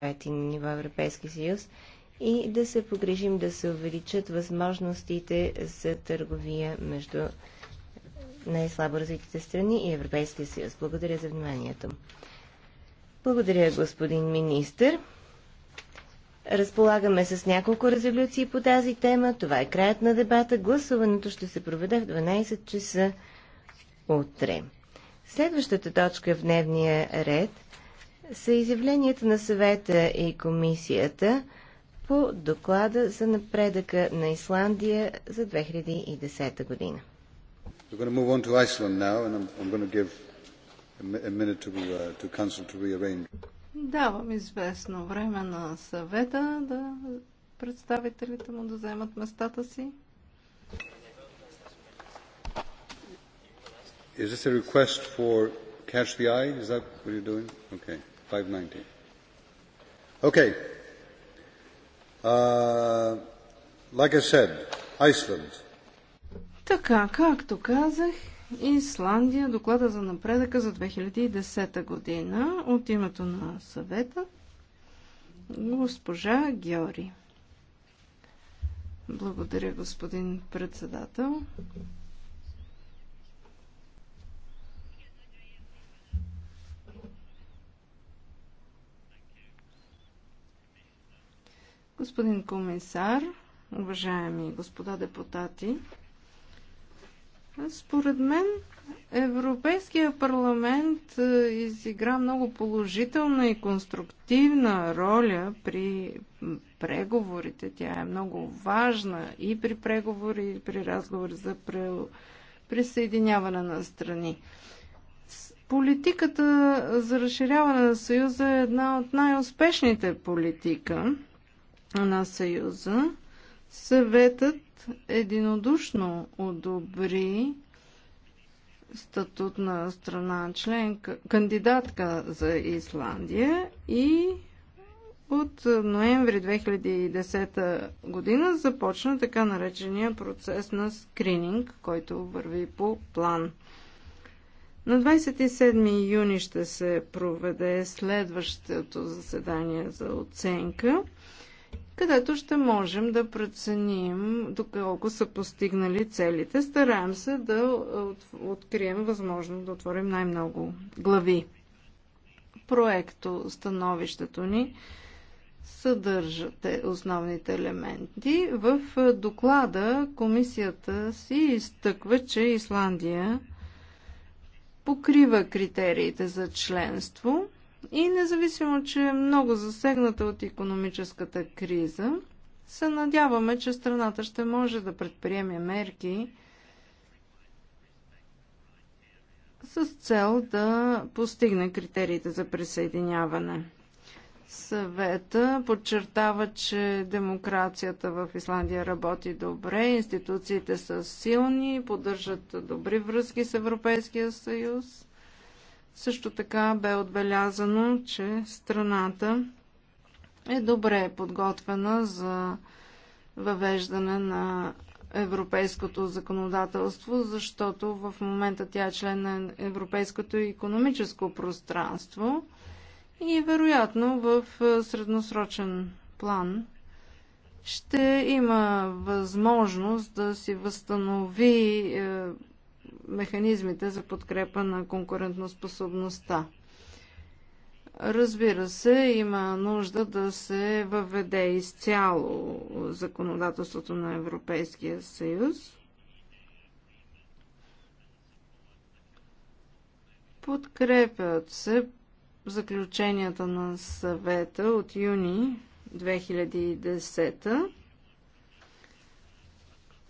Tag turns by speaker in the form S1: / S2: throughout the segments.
S1: правите на ниво Европейски съюз и да се погрежим да се увеличат възможностите за търговия между най-слабо развитите страни и Европейския съюз. Благодаря за вниманието. Благодаря, господин министр. Разполагаме с няколко резолюции по тази тема. Това е краят на дебата. Гласуването ще се проведе в 12 часа утре. Следващата точка в дневния ред – са изявленията на съвета и комисията по доклада за напредъка на Исландия за 2010 година.
S2: We're going to move on to Iceland now, and I'm, I'm going to give a minute to, uh, to Council to rearrange.
S1: Давам известно
S3: време на съвета да представителите му да вземат местата си.
S2: Is this a request for catch the eye? Is that what you're doing? Okay. 590. Okay. Uh, like I said, Iceland.
S3: Така, както казах, Исландия, доклада за напредъка за 2010 година от името на съвета госпожа Геори. Благодаря, господин председател. Господин комисар, уважаеми господа депутати, според мен Европейския парламент е, изигра много положителна и конструктивна роля при преговорите. Тя е много важна и при преговори, и при разговори за присъединяване на страни. Политиката за разширяване на Съюза е една от най-успешните политика на Съюза, съветът единодушно одобри статут на страна членка, кандидатка за Исландия и от ноември 2010 година започна така наречения процес на скрининг, който върви по план. На 27 юни ще се проведе следващото заседание за оценка където ще можем да преценим доколко са постигнали целите. Стараем се да открием възможно да отворим най-много глави. Проекто, становището ни съдържате основните елементи. В доклада комисията си изтъква, че Исландия покрива критериите за членство – и независимо, че е много засегната от економическата криза, се надяваме, че страната ще може да предприеме мерки с цел да постигне критериите за присъединяване. Съвета подчертава, че демокрацията в Исландия работи добре, институциите са силни, поддържат добри връзки с Европейския съюз също така бе отбелязано, че страната е добре подготвена за въвеждане на европейското законодателство, защото в момента тя е член на европейското економическо пространство и вероятно в е, средносрочен план ще има възможност да си възстанови е, механизмите за подкрепа на конкурентноспособността. Разбира се, има нужда да се въведе изцяло законодателството на Европейския съюз. Подкрепят се заключенията на съвета от юни 2010,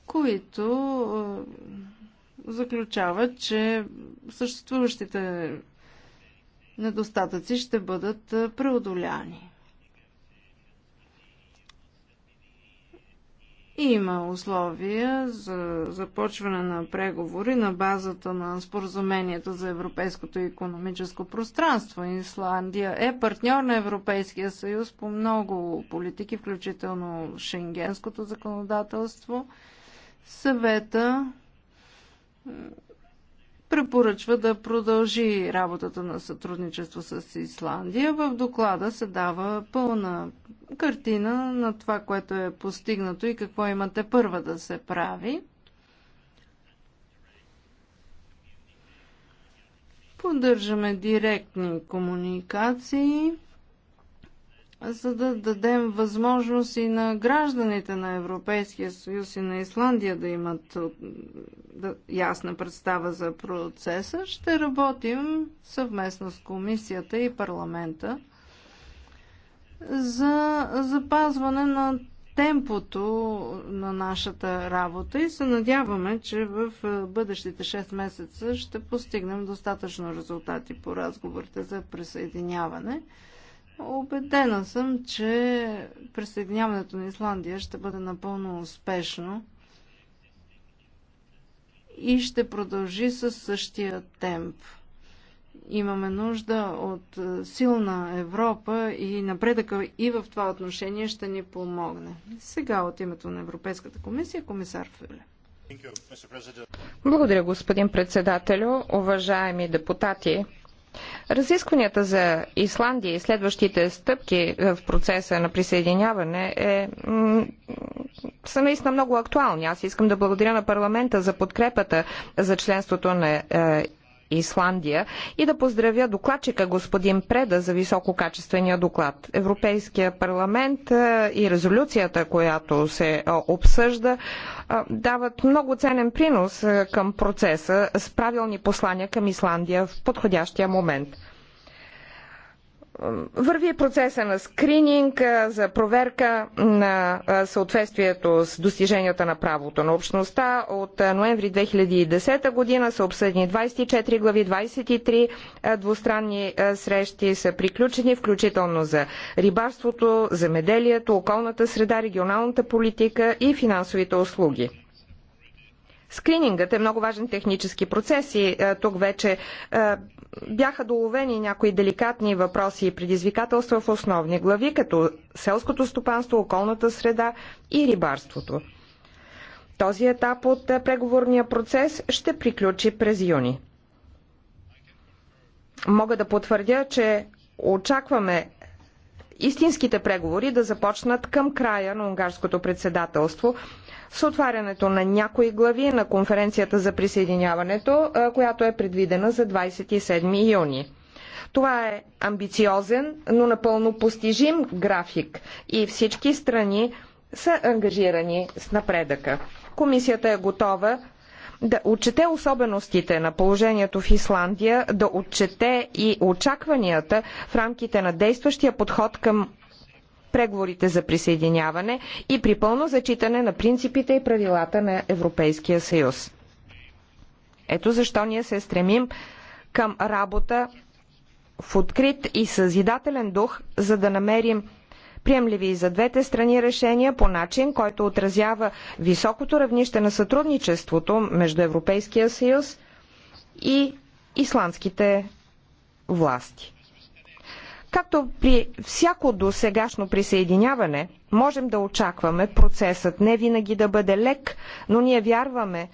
S3: които Заключава, че съществуващите недостатъци ще бъдат преодоляни. Има условия за започване на преговори на базата на споразумението за Европейското економическо пространство. Исландия е партньор на Европейския съюз по много политики, включително шенгенското законодателство. Съвета препоръчва да продължи работата на сътрудничество с Исландия. В доклада се дава пълна картина на това, което е постигнато и какво имате първа да се прави. Поддържаме директни комуникации за да дадем възможност и на гражданите на Европейския съюз и на Исландия да имат ясна представа за процеса, ще работим съвместно с комисията и парламента за запазване на темпото на нашата работа и се надяваме, че в е, бъдещите 6 месеца ще постигнем достатъчно резултати по разговорите за присъединяване. Обедена съм, че присъединяването на Исландия ще бъде напълно успешно и ще продължи със същия темп. Имаме нужда от е, силна Европа и напредъка и в това отношение ще ни помогне. Сега от името на Европейската комисия комисар Фюле.
S4: Благодаря, господин председателю. Уважаеми депутати, Разискванията за Исландия и следващите стъпки е, в процеса на присъединяване е, са наистина много актуални. Аз искам да благодаря на парламента за подкрепата за членството на е, Исландия и да поздравя докладчика господин Преда за висококачествения доклад. Европейския парламент и резолюцията, която се обсъжда, дават много ценен принос към процеса с правилни послания към Исландия в подходящия момент. Върви процеса на скрининг за проверка на съответствието с достиженията на правото на общността. От ноември 2010 година са обсъдени 24 глави, 23 двустранни срещи са приключени, включително за рибарството, земеделието, околната среда, регионалната политика и финансовите услуги. Скринингът е много важен технически процес и тук вече бяха доловени някои деликатни въпроси и предизвикателства в основни глави, като селското стопанство, околната среда и рибарството. Този етап от преговорния процес ще приключи през юни. Мога да потвърдя, че очакваме истинските преговори да започнат към края на унгарското председателство с отварянето на някои глави на конференцията за присъединяването, която е предвидена за 27 юни. Това е амбициозен, но напълно постижим график и всички страни са ангажирани с напредъка. Комисията е готова да отчете особеностите на положението в Исландия, да отчете и очакванията в рамките на действащия подход към преговорите за присъединяване и при пълно зачитане на принципите и правилата на Европейския съюз. Ето защо ние се стремим към работа в открит и съзидателен дух, за да намерим приемливи и за двете страни решения по начин, който отразява високото равнище на сътрудничеството между Европейския съюз и исландските власти. Както при всяко досегашно присъединяване, можем да очакваме процесът не винаги да бъде лек, но ние вярваме,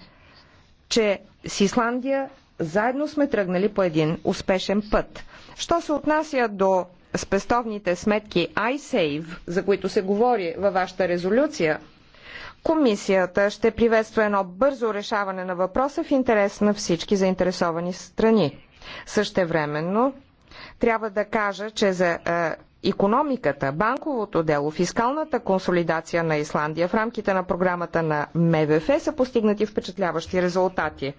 S4: че с Исландия заедно сме тръгнали по един успешен път. Що се отнася до спестовните сметки iSave, за които се говори във вашата резолюция, комисията ще приветства едно бързо решаване на въпроса в интерес на всички заинтересовани страни. Същевременно трябва да кажа, че за економиката, банковото дело, фискалната консолидация на Исландия в рамките на програмата на МВФ са постигнати впечатляващи резултати.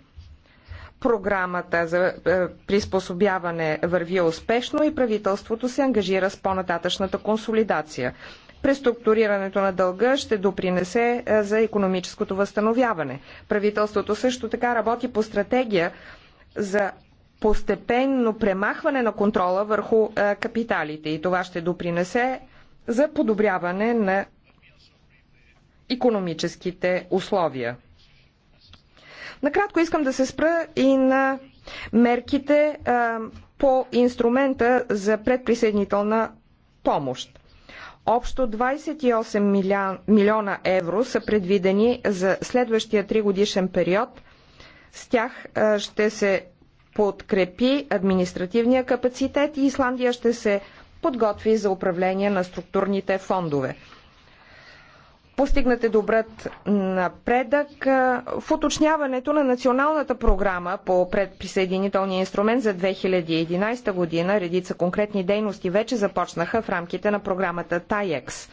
S4: Програмата за е, приспособяване върви успешно и правителството се ангажира с по-нататъчната консолидация. Преструктурирането на дълга ще допринесе е, за економическото възстановяване. Правителството също така работи по стратегия за постепенно премахване на контрола върху е, капиталите и това ще допринесе за подобряване на економическите условия. Накратко искам да се спра и на мерките по инструмента за предприсъединителна помощ. Общо 28 милион, милиона евро са предвидени за следващия тригодишен период. С тях ще се подкрепи административния капацитет и Исландия ще се подготви за управление на структурните фондове постигнат е добрат напредък в уточняването на националната програма по предприсъединителния инструмент за 2011 година. Редица конкретни дейности вече започнаха в рамките на програмата TAIEX.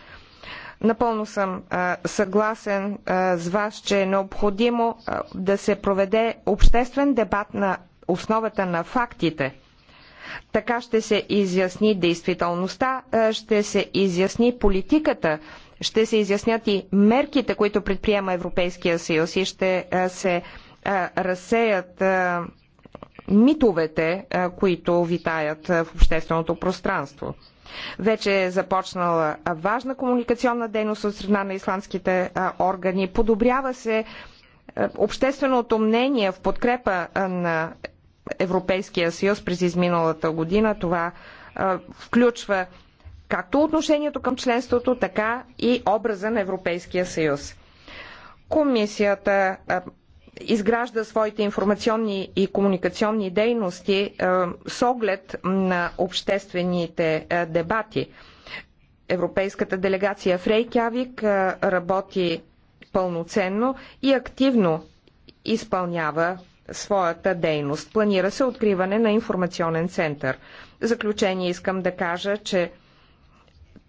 S4: Напълно съм съгласен с вас, че е необходимо да се проведе обществен дебат на основата на фактите. Така ще се изясни действителността, ще се изясни политиката ще се изяснят и мерките, които предприема Европейския съюз и ще се разсеят митовете, които витаят в общественото пространство. Вече е започнала важна комуникационна дейност от страна на исландските органи. Подобрява се общественото мнение в подкрепа на Европейския съюз през изминалата година. Това включва както отношението към членството, така и образа на Европейския съюз. Комисията изгражда своите информационни и комуникационни дейности с оглед на обществените дебати. Европейската делегация в Рейкявик работи пълноценно и активно изпълнява своята дейност. Планира се откриване на информационен център. В заключение искам да кажа, че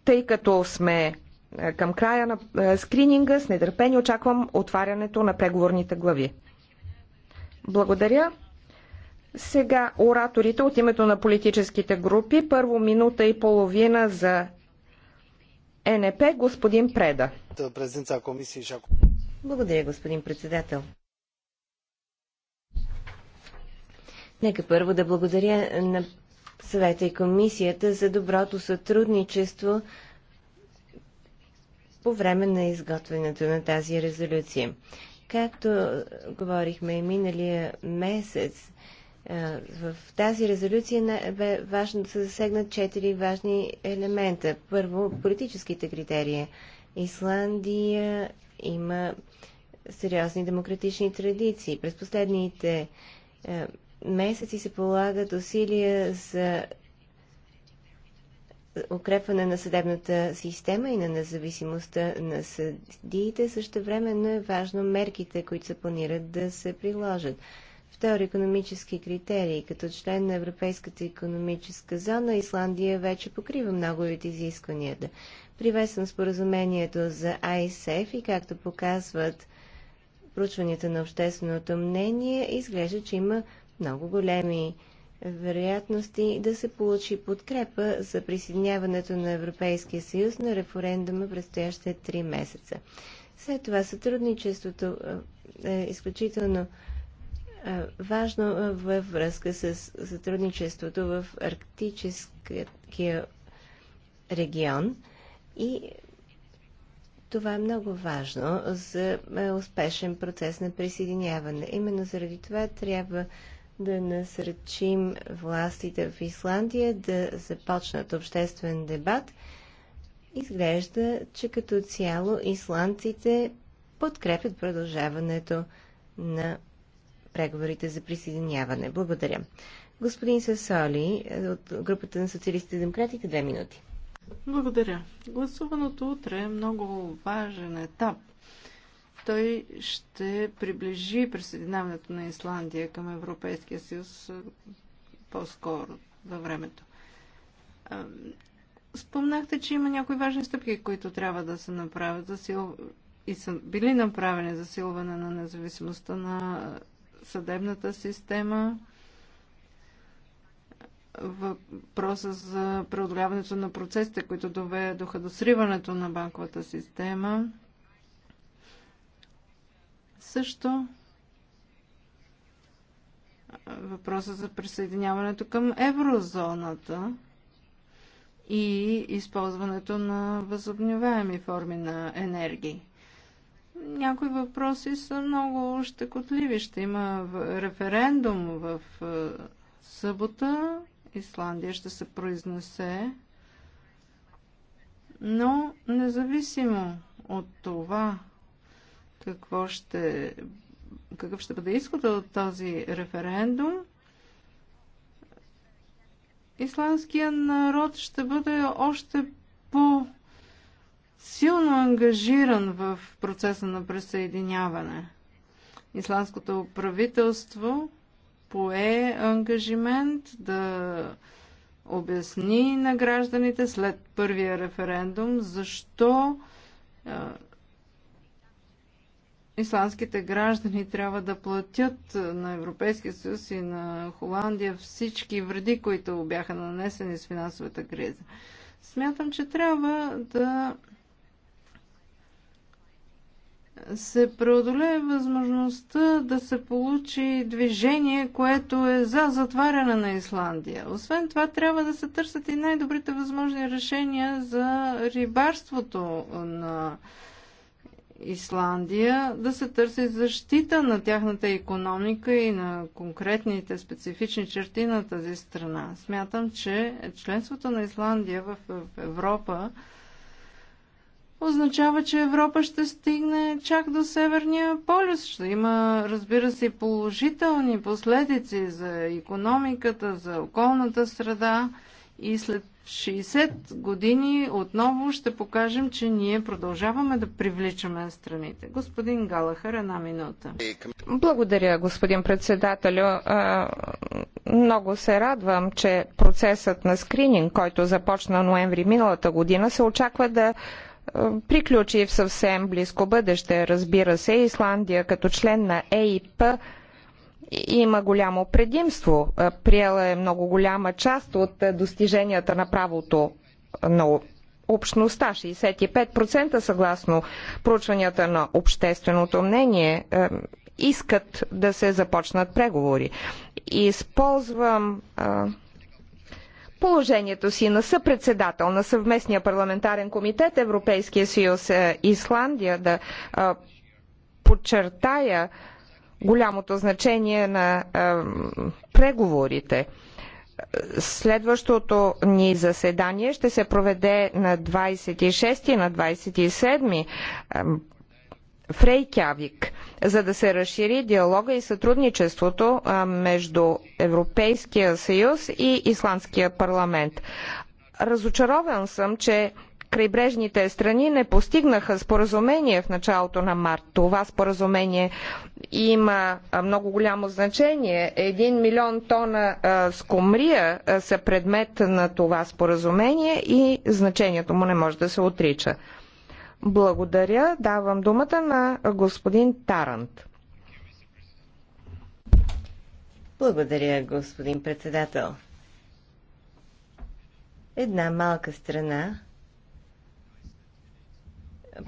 S4: тъй като сме е, към края на е, скрининга, с нетърпение очаквам отварянето на преговорните глави. Благодаря. Сега ораторите от името на политическите групи. Първо минута и половина за НП, господин Преда. Благодаря, господин
S1: председател. Нека първо да благодаря на съвета и комисията за доброто сътрудничество по време на изготвянето на тази резолюция. Както говорихме и миналия месец, е, в тази резолюция бе важно да се засегнат четири важни елемента. Първо, политическите критерии. Исландия има сериозни демократични традиции. През последните е, месеци се полагат усилия за укрепване на съдебната система и на независимостта на съдиите. Също времено е важно мерките, които се планират да се приложат. Втори економически критерии. Като член на Европейската економическа зона, Исландия вече покрива много от изискванията. Привесвам споразумението за ISF и както показват проучванията на общественото мнение, изглежда, че има много големи вероятности да се получи подкрепа за присъединяването на Европейския съюз на референдума предстоящите три месеца. След това сътрудничеството е, е изключително е, важно е, във връзка с сътрудничеството в арктическия регион и това е много важно за успешен процес на присъединяване. Именно заради това трябва да насръчим властите в Исландия да започнат обществен дебат. Изглежда, че като цяло исландците подкрепят продължаването на преговорите за присъединяване. Благодаря. Господин Сасоли от групата на социалистите и демократите, две минути.
S3: Благодаря. Гласуваното утре е много важен етап той ще приближи присъединяването на Исландия към Европейския съюз по-скоро във времето. Спомнахте, че има някои важни стъпки, които трябва да се направят за сил... и са били направени за силване на независимостта на съдебната система. Въпроса за преодоляването на процесите, които доведоха до сриването на банковата система – също въпроса за присъединяването към еврозоната и използването на възобновяеми форми на енергии. Някои въпроси са много щекотливи. Ще има референдум в е, събота. Исландия ще се произнесе. Но независимо от това, какво ще, какъв ще бъде изхода от този референдум. Исландския народ ще бъде още по силно ангажиран в процеса на присъединяване. Исландското правителство пое ангажимент да обясни на гражданите след първия референдум защо исландските граждани трябва да платят на Европейския съюз и на Холандия всички вреди, които бяха нанесени с финансовата криза. Смятам, че трябва да се преодолее възможността да се получи движение, което е за затваряне на Исландия. Освен това, трябва да се търсят и най-добрите възможни решения за рибарството на Исландия Исландия, да се търси защита на тяхната економика и на конкретните специфични черти на тази страна. Смятам, че членството на Исландия в Европа означава, че Европа ще стигне чак до Северния полюс. Ще има, разбира се, положителни последици за економиката, за околната среда и след 60 години отново ще покажем, че ние продължаваме да привличаме страните. Господин Галахър, една минута.
S4: Благодаря, господин председателю. Много се радвам, че процесът на скрининг, който започна ноември миналата година, се очаква да приключи в съвсем близко бъдеще. Разбира се, Исландия като член на ЕИП има голямо предимство. Е, приела е много голяма част от е, достиженията на правото на общността. 65% съгласно проучванията на общественото мнение е, искат да се започнат преговори. Използвам положението си на съпредседател на съвместния парламентарен комитет Европейския съюз Исландия да подчертая голямото значение на преговорите. Следващото ни заседание ще се проведе на 26 и на 27 в Рейкявик, за да се разшири диалога и сътрудничеството между Европейския съюз и Исландския парламент. Разочарован съм, че крайбрежните страни не постигнаха споразумение в началото на март. Това споразумение има много голямо значение. Един милион тона скумрия са предмет на това споразумение и значението му не може да се отрича. Благодаря. Давам думата на господин Тарант.
S1: Благодаря, господин председател. Една малка страна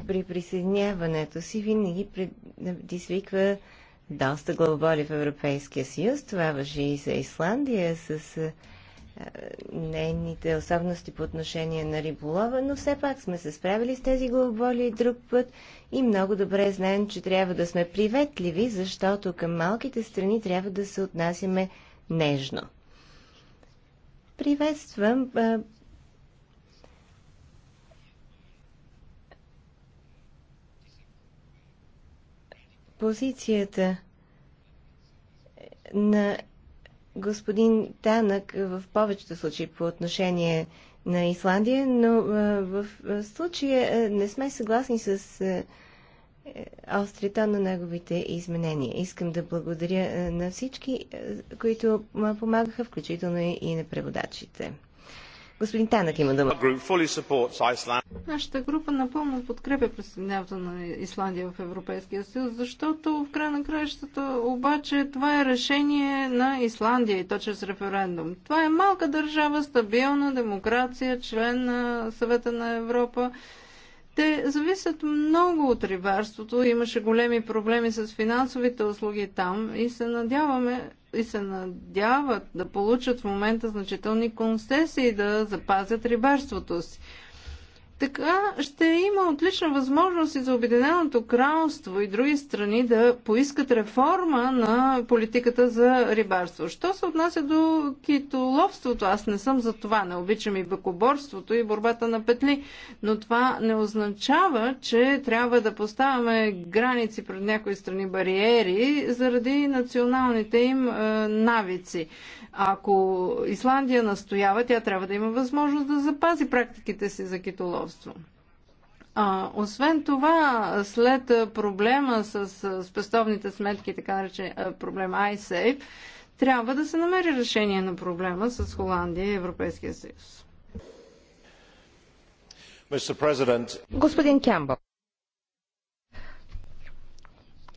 S1: при присъединяването си винаги предизвиква доста главоболи в Европейския съюз. Това въжи и за Исландия с а, нейните особености по отношение на риболова, но все пак сме се справили с тези главоболи друг път и много добре знаем, че трябва да сме приветливи, защото към малките страни трябва да се отнасяме нежно. Приветствам а, позицията на господин Танък в повечето случаи по отношение на Исландия, но в случая не сме съгласни с острита на неговите изменения. Искам да благодаря на всички, които помагаха, включително и на преводачите. Господин Танък има дума.
S3: Нашата група напълно подкрепя присъединяването на Исландия в Европейския съюз, защото в край на краищата обаче това е решение на Исландия и то чрез референдум. Това е малка държава, стабилна демокрация, член на Съвета на Европа. Те зависят много от рибарството. Имаше големи проблеми с финансовите услуги там и се надяваме и се надяват да получат в момента значителни концесии да запазят рибарството си. Така ще има отлична възможност и за Обединеното кралство и други страни да поискат реформа на политиката за рибарство. Що се отнася до китоловството? Аз не съм за това. Не обичам и бакоборството и борбата на петли. Но това не означава, че трябва да поставяме граници пред някои страни бариери заради националните им е, навици. Ако Исландия настоява, тя трябва да има възможност да запази практиките си за китолов производство. А, освен това, след проблема с спестовните сметки, така наречен проблем iSafe, трябва да се намери решение на проблема с Холандия и Европейския съюз.
S4: Господин Кямбъл,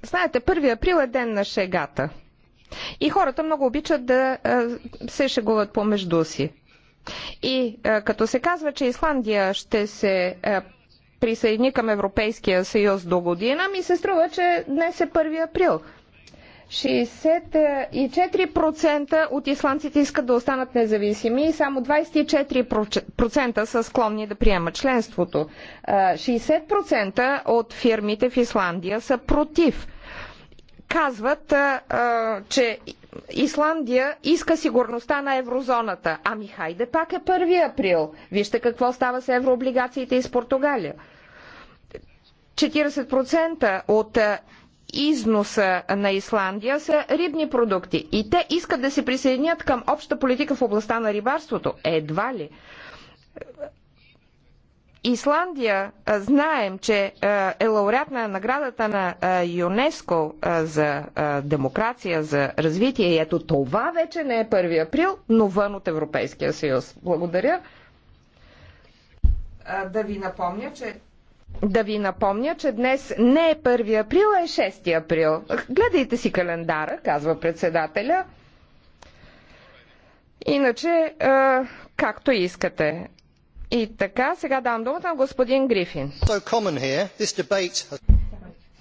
S4: знаете, 1 април е ден на шегата. И хората много обичат да се шегуват помежду си. И е, като се казва, че Исландия ще се е, присъедини към Европейския съюз до година, ми се струва, че днес е 1 април. 64% от исландците искат да останат независими и само 24% са склонни да приемат членството. 60% е, от фирмите в Исландия са против. Казват, че Исландия иска сигурността на еврозоната. Ами хайде пак е 1 април. Вижте какво става с еврооблигациите из Португалия. 40% от е, износа на Исландия са рибни продукти. И те искат да се присъединят към обща политика в областта на рибарството. Едва ли. Исландия знаем, че е лауреат на наградата на ЮНЕСКО за демокрация, за развитие. И ето това вече не е 1 април, но вън от Европейския съюз. Благодаря. Да ви напомня, че да ви напомня, че днес не е 1 април, а е 6 април. Гледайте си календара, казва председателя. Иначе, както искате. И така, сега давам думата на господин Грифин.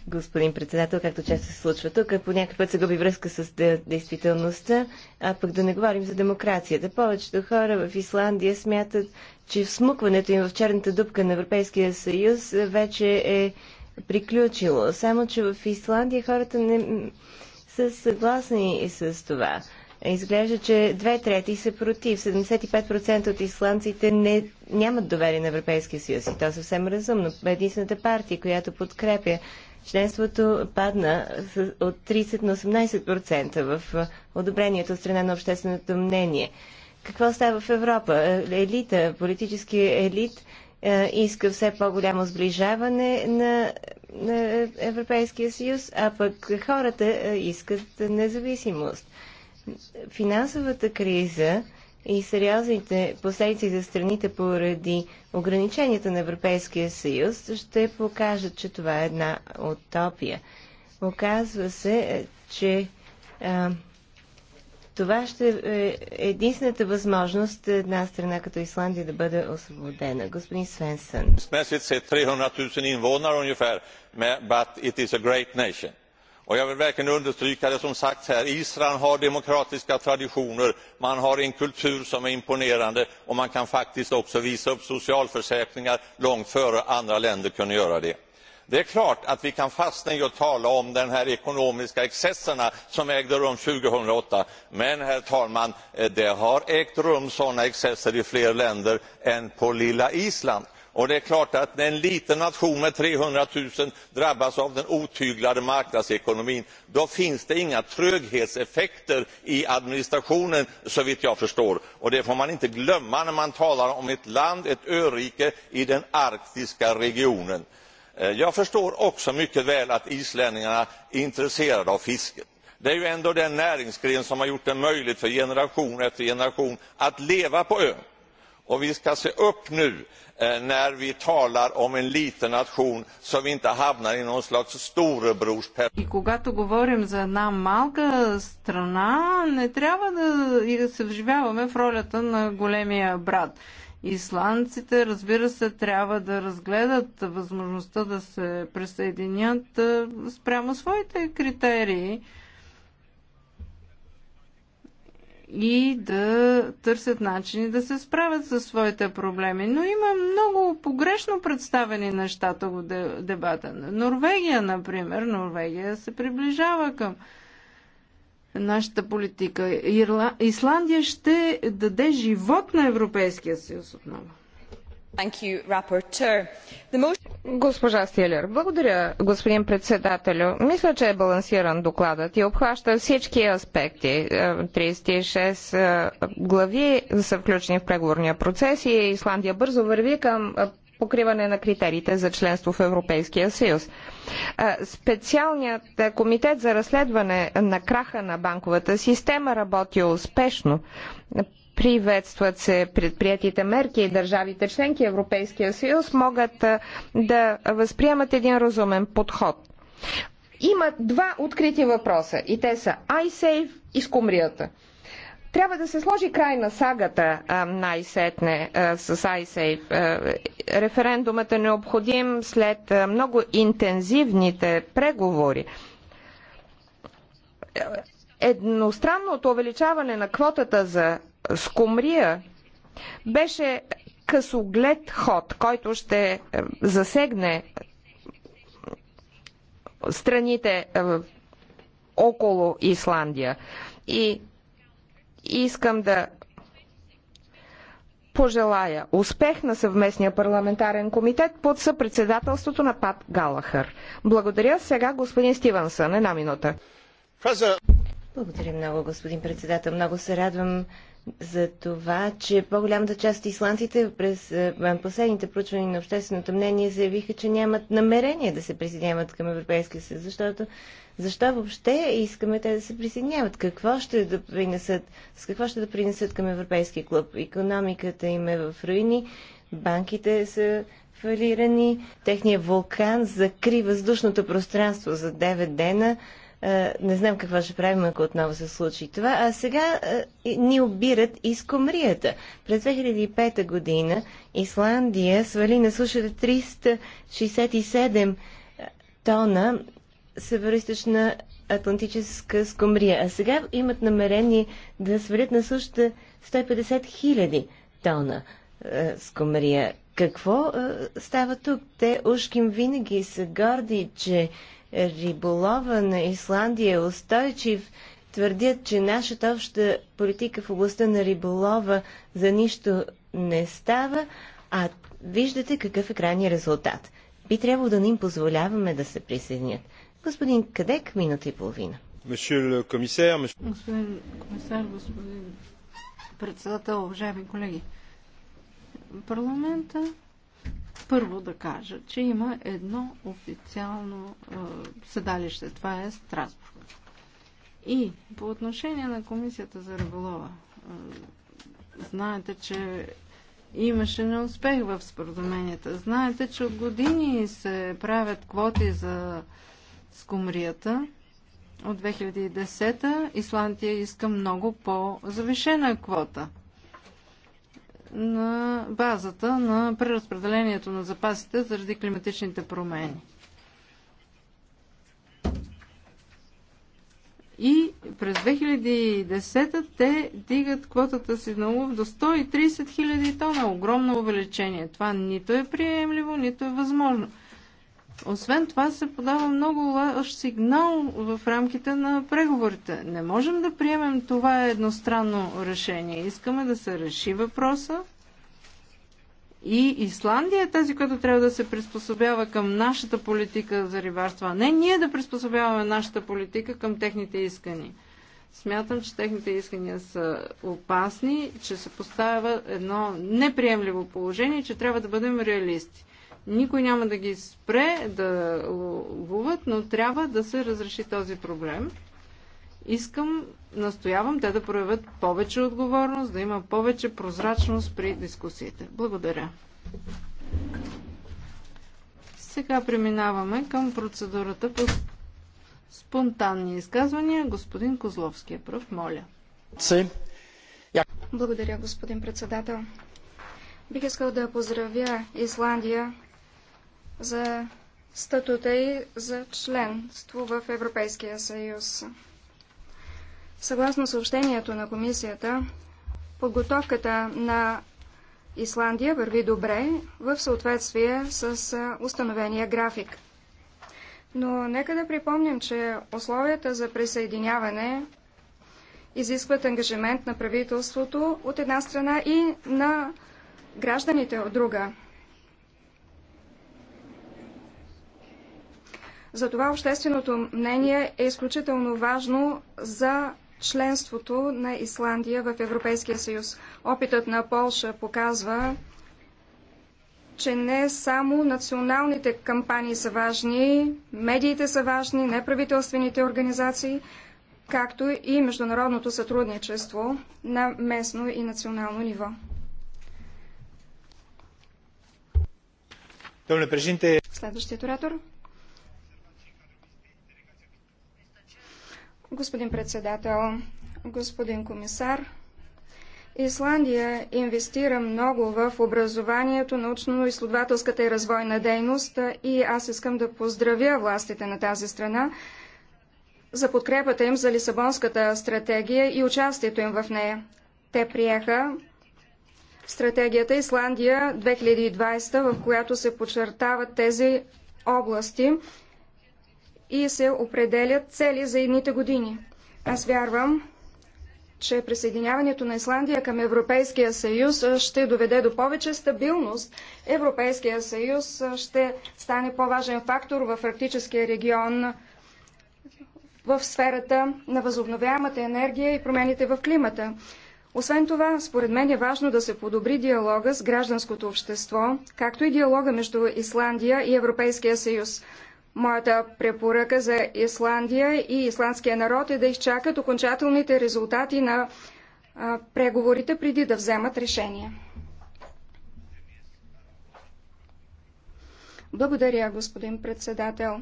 S1: Господин председател, както често се случва тук, по някакъв път се губи връзка с действителността, а пък да не говорим за демокрацията. Повечето хора в Исландия смятат, че всмукването им в черната дупка на Европейския съюз вече е приключило. Само, че в Исландия хората не са съгласни с това. Изглежда, че две трети са против. 75% от исландците не, нямат доверие на Европейския съюз и то е съвсем разумно. Единствената партия, която подкрепя членството, падна от 30 на 18% в одобрението от страна на общественото мнение. Какво става в Европа? Е, елита, политически елит е, иска все по-голямо сближаване на, на Европейския съюз, а пък хората е, искат независимост финансовата криза и сериозните последици за страните поради ограниченията на Европейския съюз ще покажат, че това е една утопия. Оказва се, е, че а, това ще е единствената възможност една страна като Исландия да бъде освободена. Господин Свенсън.
S2: 300 000 invånare но but it is нация jag vill verkligen understryka det som sagts här island har demokratiska traditioner man har en kultur som är imponerande och man kan faktiskt också visa upp socialförsäkringar långt före andra länder kunde göra det. det är klart att vi kan fastna i att tala om de ekonomiska excesserna som ägde rum 2008 men, herr talman, det har ägt rum sådana excesser i fler länder än på lilla island. Det är klart att när en liten nation med 300 000 invånare drabbas av den otyglade marknadsekonomin finns det inga tröghetseffekter i administrationen, såvitt jag förstår. Det får man inte glömma när man talar om ett land, ett örike, i den arktiska regionen. Jag förstår också mycket väl att islänningarna är intresserade av fisket. Det är ändå den näringsgren som har gjort det möjligt för generation efter generation att leva på ön. Vi ska se upp nu eh, när vi talar om en liten nation så vi inte hamnar i någon slags storebrorsperspektiv. И когато говорим
S3: за една малка страна, не трябва да се вживяваме в ролята на големия брат. Исландците, разбира се, трябва да разгледат възможността да се присъединят э, спрямо своите критерии и да търсят начини да се справят със своите проблеми. Но има много погрешно представени нещата в дебата. Норвегия, например, Норвегия се приближава към нашата политика. Ирла... Исландия ще даде живот на Европейския съюз отново. Thank you,
S4: Госпожа Стилер, благодаря, господин председателю. Мисля, че е балансиран докладът и обхваща всички аспекти. 36 е, е, глави са включени в преговорния процес и Исландия бързо върви към е, покриване на критериите за членство в Европейския съюз. Специалният комитет за разследване на краха на банковата система работи успешно. Приветстват се предприятите мерки и държавите членки Европейския съюз могат да възприемат един разумен подход. Има два открити въпроса и те са iSafe и скумрията. Трябва да се сложи край на сагата най-сетне с iSafe. Референдумът е необходим след много интензивните преговори. Едностранното увеличаване на квотата за скумрия беше късоглед ход, който ще е, засегне страните е, около Исландия. И искам да пожелая успех на съвместния парламентарен комитет под съпредседателството на Пат Галахър. Благодаря сега господин Стивенсън. Една минута.
S1: Благодаря много, господин председател. Много се радвам, за това, че по-голямата част от исландците през е, последните проучвания на общественото мнение заявиха, че нямат намерение да се присъединяват към Европейския съюз, защото защо въобще искаме те да се присъединяват? Какво ще да принесат, с какво ще да принесат към Европейския клуб? Економиката им е в руини, банките са фалирани, техният вулкан закри въздушното пространство за 9 дена, е, не знам какво ще правим, ако отново се случи това. А сега е, ни обират из комрията. През 2005 година Исландия свали на сушата 367 е, тона североизточна атлантическа скомрия. А сега имат намерение да свалят на сушата 150 хиляди тона скомрия. Какво става тук? Те ушким винаги са горди, че риболова на Исландия е устойчив, твърдят, че нашата обща политика в областта на риболова за нищо не става, а виждате какъв е крайният резултат. Би трябвало да не им позволяваме да се присъединят. Господин Кадек, минута и половина.
S2: Господин комисар,
S3: господин
S1: председател,
S3: уважаеми колеги. Парламента първо да кажа, че има едно официално е, седалище. Това е Страсбург. И по отношение на Комисията за риболова, е, знаете, че имаше неуспех в споразуменията. Знаете, че от години се правят квоти за скумрията. От 2010 Исландия иска много по-завишена квота – на базата на преразпределението на запасите заради климатичните промени. И през 2010 те дигат квотата си на улов до 130 000 тона. Огромно увеличение. Това нито е приемливо, нито е възможно. Освен това се подава много лош сигнал в рамките на преговорите. Не можем да приемем това едностранно решение. Искаме да се реши въпроса. И Исландия е тази, която трябва да се приспособява към нашата политика за рибарство, а не ние да приспособяваме нашата политика към техните искания. Смятам, че техните искания са опасни, че се поставя едно неприемливо положение, че трябва да бъдем реалисти. Никой няма да ги спре да ловуват, но трябва да се разреши този проблем. Искам, настоявам те да проявят повече отговорност, да има повече прозрачност при дискусиите. Благодаря. Сега преминаваме към процедурата по спонтанни
S5: изказвания.
S3: Господин Козловски е пръв, моля.
S5: Благодаря, господин председател. Бих искал да поздравя Исландия за статута и за членство в Европейския съюз. Съгласно съобщението на комисията, подготовката на Исландия върви добре в съответствие с установения график. Но нека да припомним, че условията за присъединяване изискват ангажимент на правителството от една страна и на гражданите от друга. Затова общественото мнение е изключително важно за членството на Исландия в Европейския съюз. Опитът на Полша показва, че не само националните кампании са важни, медиите са важни, неправителствените организации, както и международното сътрудничество на местно и национално ниво. Следващият оратор. Господин председател, господин комисар, Исландия инвестира много в образованието, научно-изследователската и развойна дейност и аз искам да поздравя властите на тази страна за подкрепата им за Лисабонската стратегия и участието им в нея. Те приеха стратегията Исландия 2020, в която се подчертават тези области – и се определят цели за едните години. Аз вярвам, че присъединяването на Исландия към Европейския съюз ще доведе до повече стабилност. Европейския съюз ще стане по-важен фактор в арктическия регион в сферата на възобновяемата енергия и промените в климата. Освен това, според мен е важно да се подобри диалога с гражданското общество, както и диалога между Исландия и Европейския съюз. Моята препоръка за Исландия и исландския народ е да изчакат окончателните резултати на преговорите преди да вземат решение. Благодаря, господин председател.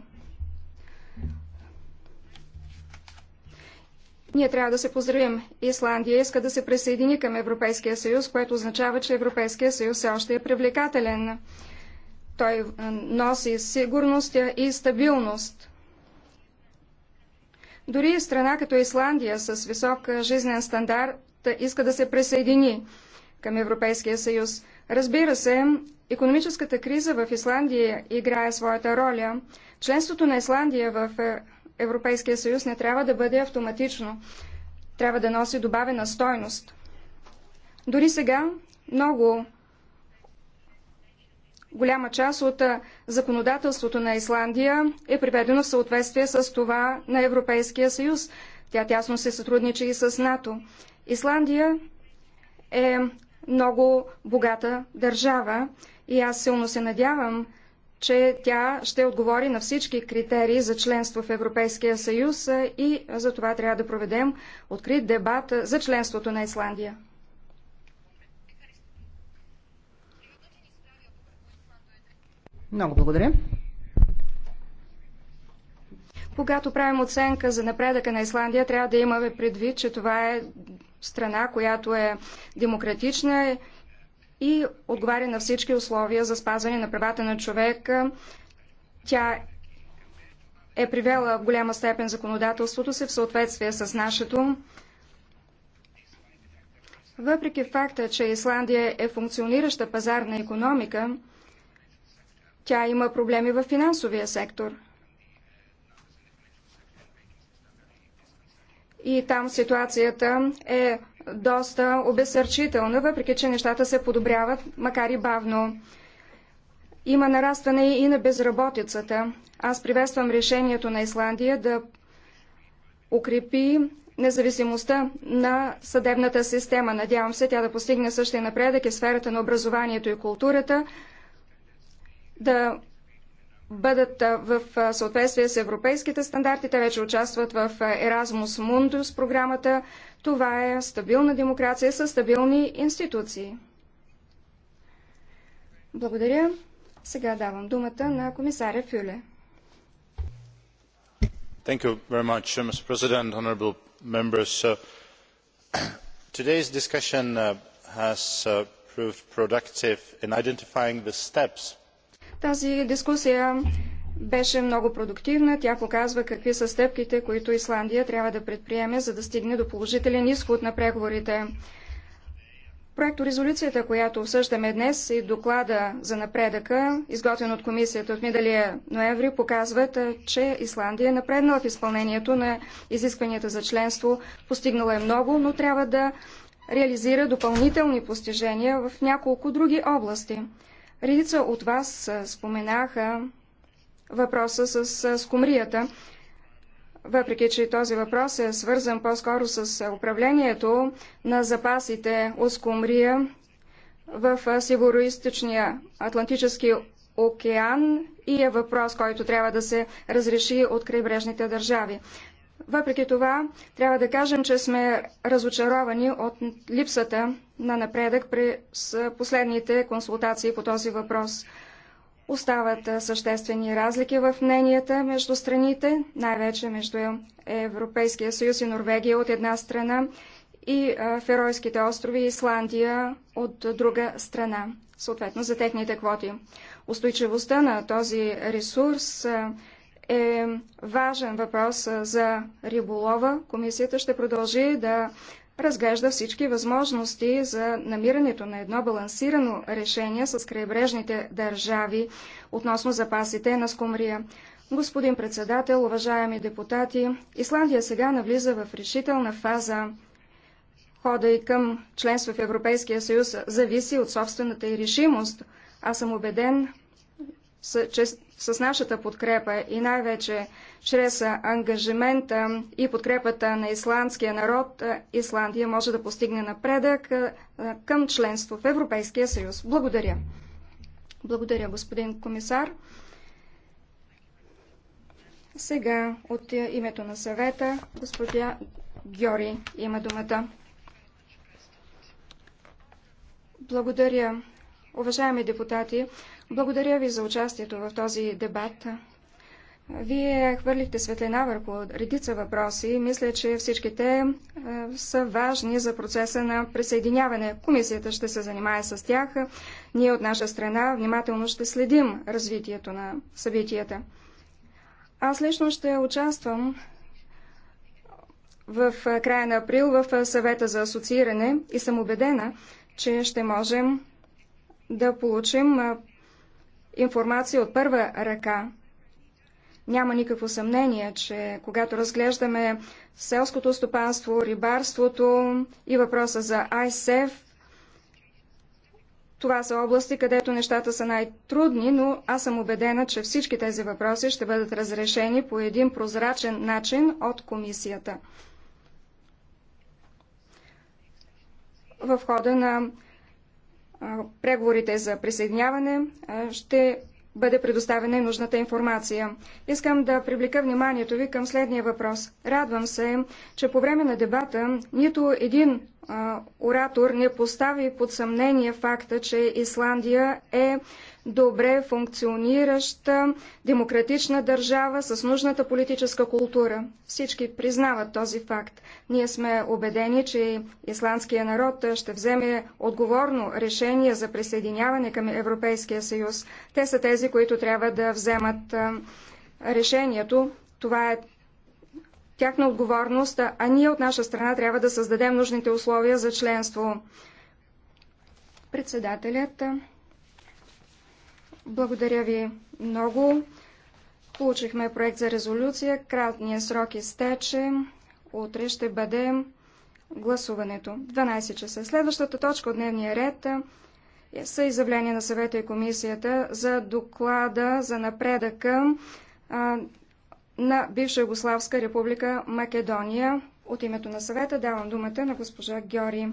S5: Ние трябва да се поздравим. Исландия иска да се присъедини към Европейския съюз, което означава, че Европейския съюз все още е привлекателен. Той носи сигурност и стабилност. Дори страна като Исландия с висок жизнен стандарт иска да се присъедини към Европейския съюз. Разбира се, економическата криза в Исландия играе своята роля. Членството на Исландия в Европейския съюз не трябва да бъде автоматично. Трябва да носи добавена стойност. Дори сега много голяма част от законодателството на Исландия е приведено в съответствие с това на Европейския съюз. Тя тясно се сътрудничи и с НАТО. Исландия е много богата държава и аз силно се надявам, че тя ще отговори на всички критерии за членство в Европейския съюз и за това трябва да проведем открит дебат за членството на Исландия. Много благодаря. Когато правим оценка за напредъка на Исландия, трябва да имаме предвид, че това е страна, която е демократична и отговаря на всички условия за спазване на правата на човека. Тя е привела в голяма степен законодателството си в съответствие с нашето. Въпреки факта, че Исландия е функционираща пазарна економика, тя има проблеми в финансовия сектор. И там ситуацията е доста обесърчителна, въпреки че нещата се подобряват, макар и бавно. Има нарастване и на безработицата. Аз приветствам решението на Исландия да укрепи независимостта на съдебната система. Надявам се тя да постигне същия напредък и сферата на образованието и културата, да бъдат в съответствие с европейските стандарти. Те вече участват в Erasmus Mundus програмата. Това е стабилна демокрация със стабилни институции. Благодаря. Сега давам думата на комисаря Фюле.
S2: Thank you very much, uh, Mr.
S3: President, honorable members. Uh, today's discussion uh,
S2: has uh, proved productive in identifying the steps
S5: тази дискусия беше много продуктивна. Тя показва какви са стъпките, които Исландия трябва да предприеме, за да стигне до положителен изход на преговорите. Проекто резолюцията, която обсъждаме днес и доклада за напредъка, изготвен от комисията от миналия ноември, показват, че Исландия е напреднала в изпълнението на изискванията за членство. Постигнала е много, но трябва да реализира допълнителни постижения в няколко други области. Редица от вас споменаха въпроса с скумрията, въпреки че този въпрос е свързан по-скоро с управлението на запасите от скумрия в Североизточния Атлантически океан и е въпрос, който трябва да се разреши от крайбрежните държави. Въпреки това, трябва да кажем, че сме разочаровани от липсата на напредък през последните консултации по този въпрос. Остават съществени разлики в мненията между страните, най-вече между Европейския съюз и Норвегия от една страна и Феройските острови и Исландия от друга страна, съответно за техните квоти. Устойчивостта на този ресурс е важен въпрос за риболова. Комисията ще продължи да разглежда всички възможности за намирането на едно балансирано решение с крайбрежните държави относно запасите на скумрия. Господин председател, уважаеми депутати, Исландия сега навлиза в решителна фаза. Хода и към членство в Европейския съюз зависи от собствената и решимост. Аз съм убеден, че с нашата подкрепа и най-вече чрез ангажимента и подкрепата на исландския народ, е, Исландия може да постигне напредък е, към членство в Европейския съюз. Благодаря. Благодаря, господин комисар. Сега от името на съвета господя Георги има думата. Благодаря, уважаеми депутати. Благодаря ви за участието в този дебат. Вие хвърлихте светлина върху редица въпроси. Мисля, че всичките е, са важни за процеса на присъединяване. Комисията ще се занимае с тях. Ние от наша страна внимателно ще следим развитието на събитията. Аз лично ще участвам в е, края на април в е, съвета за асоцииране и съм убедена, че ще можем да получим информация от първа ръка. Няма никакво съмнение, че когато разглеждаме селското стопанство, рибарството и въпроса за ISEF, това са области, където нещата са най-трудни, но аз съм убедена, че всички тези въпроси ще бъдат разрешени по един прозрачен начин от комисията. В хода на преговорите за присъединяване ще бъде предоставена и нужната информация. Искам да привлека вниманието ви към следния въпрос. Радвам се, че по време на дебата нито един оратор не постави под съмнение факта, че Исландия е добре функционираща демократична държава с нужната политическа култура. Всички признават този факт. Ние сме убедени, че исландския народ ще вземе отговорно решение за присъединяване към Европейския съюз. Те са тези, които трябва да вземат решението. Това е тяхна отговорност, а ние от наша страна трябва да създадем нужните условия за членство. Председателят, благодаря ви много. Получихме проект за резолюция. Кратният срок изтече. Утре ще бъде гласуването. 12 часа. Следващата точка от дневния ред е- са изявления на съвета и комисията за доклада за напредъка на бивша Югославска република Македония. От името на съвета давам думата на госпожа Гьори.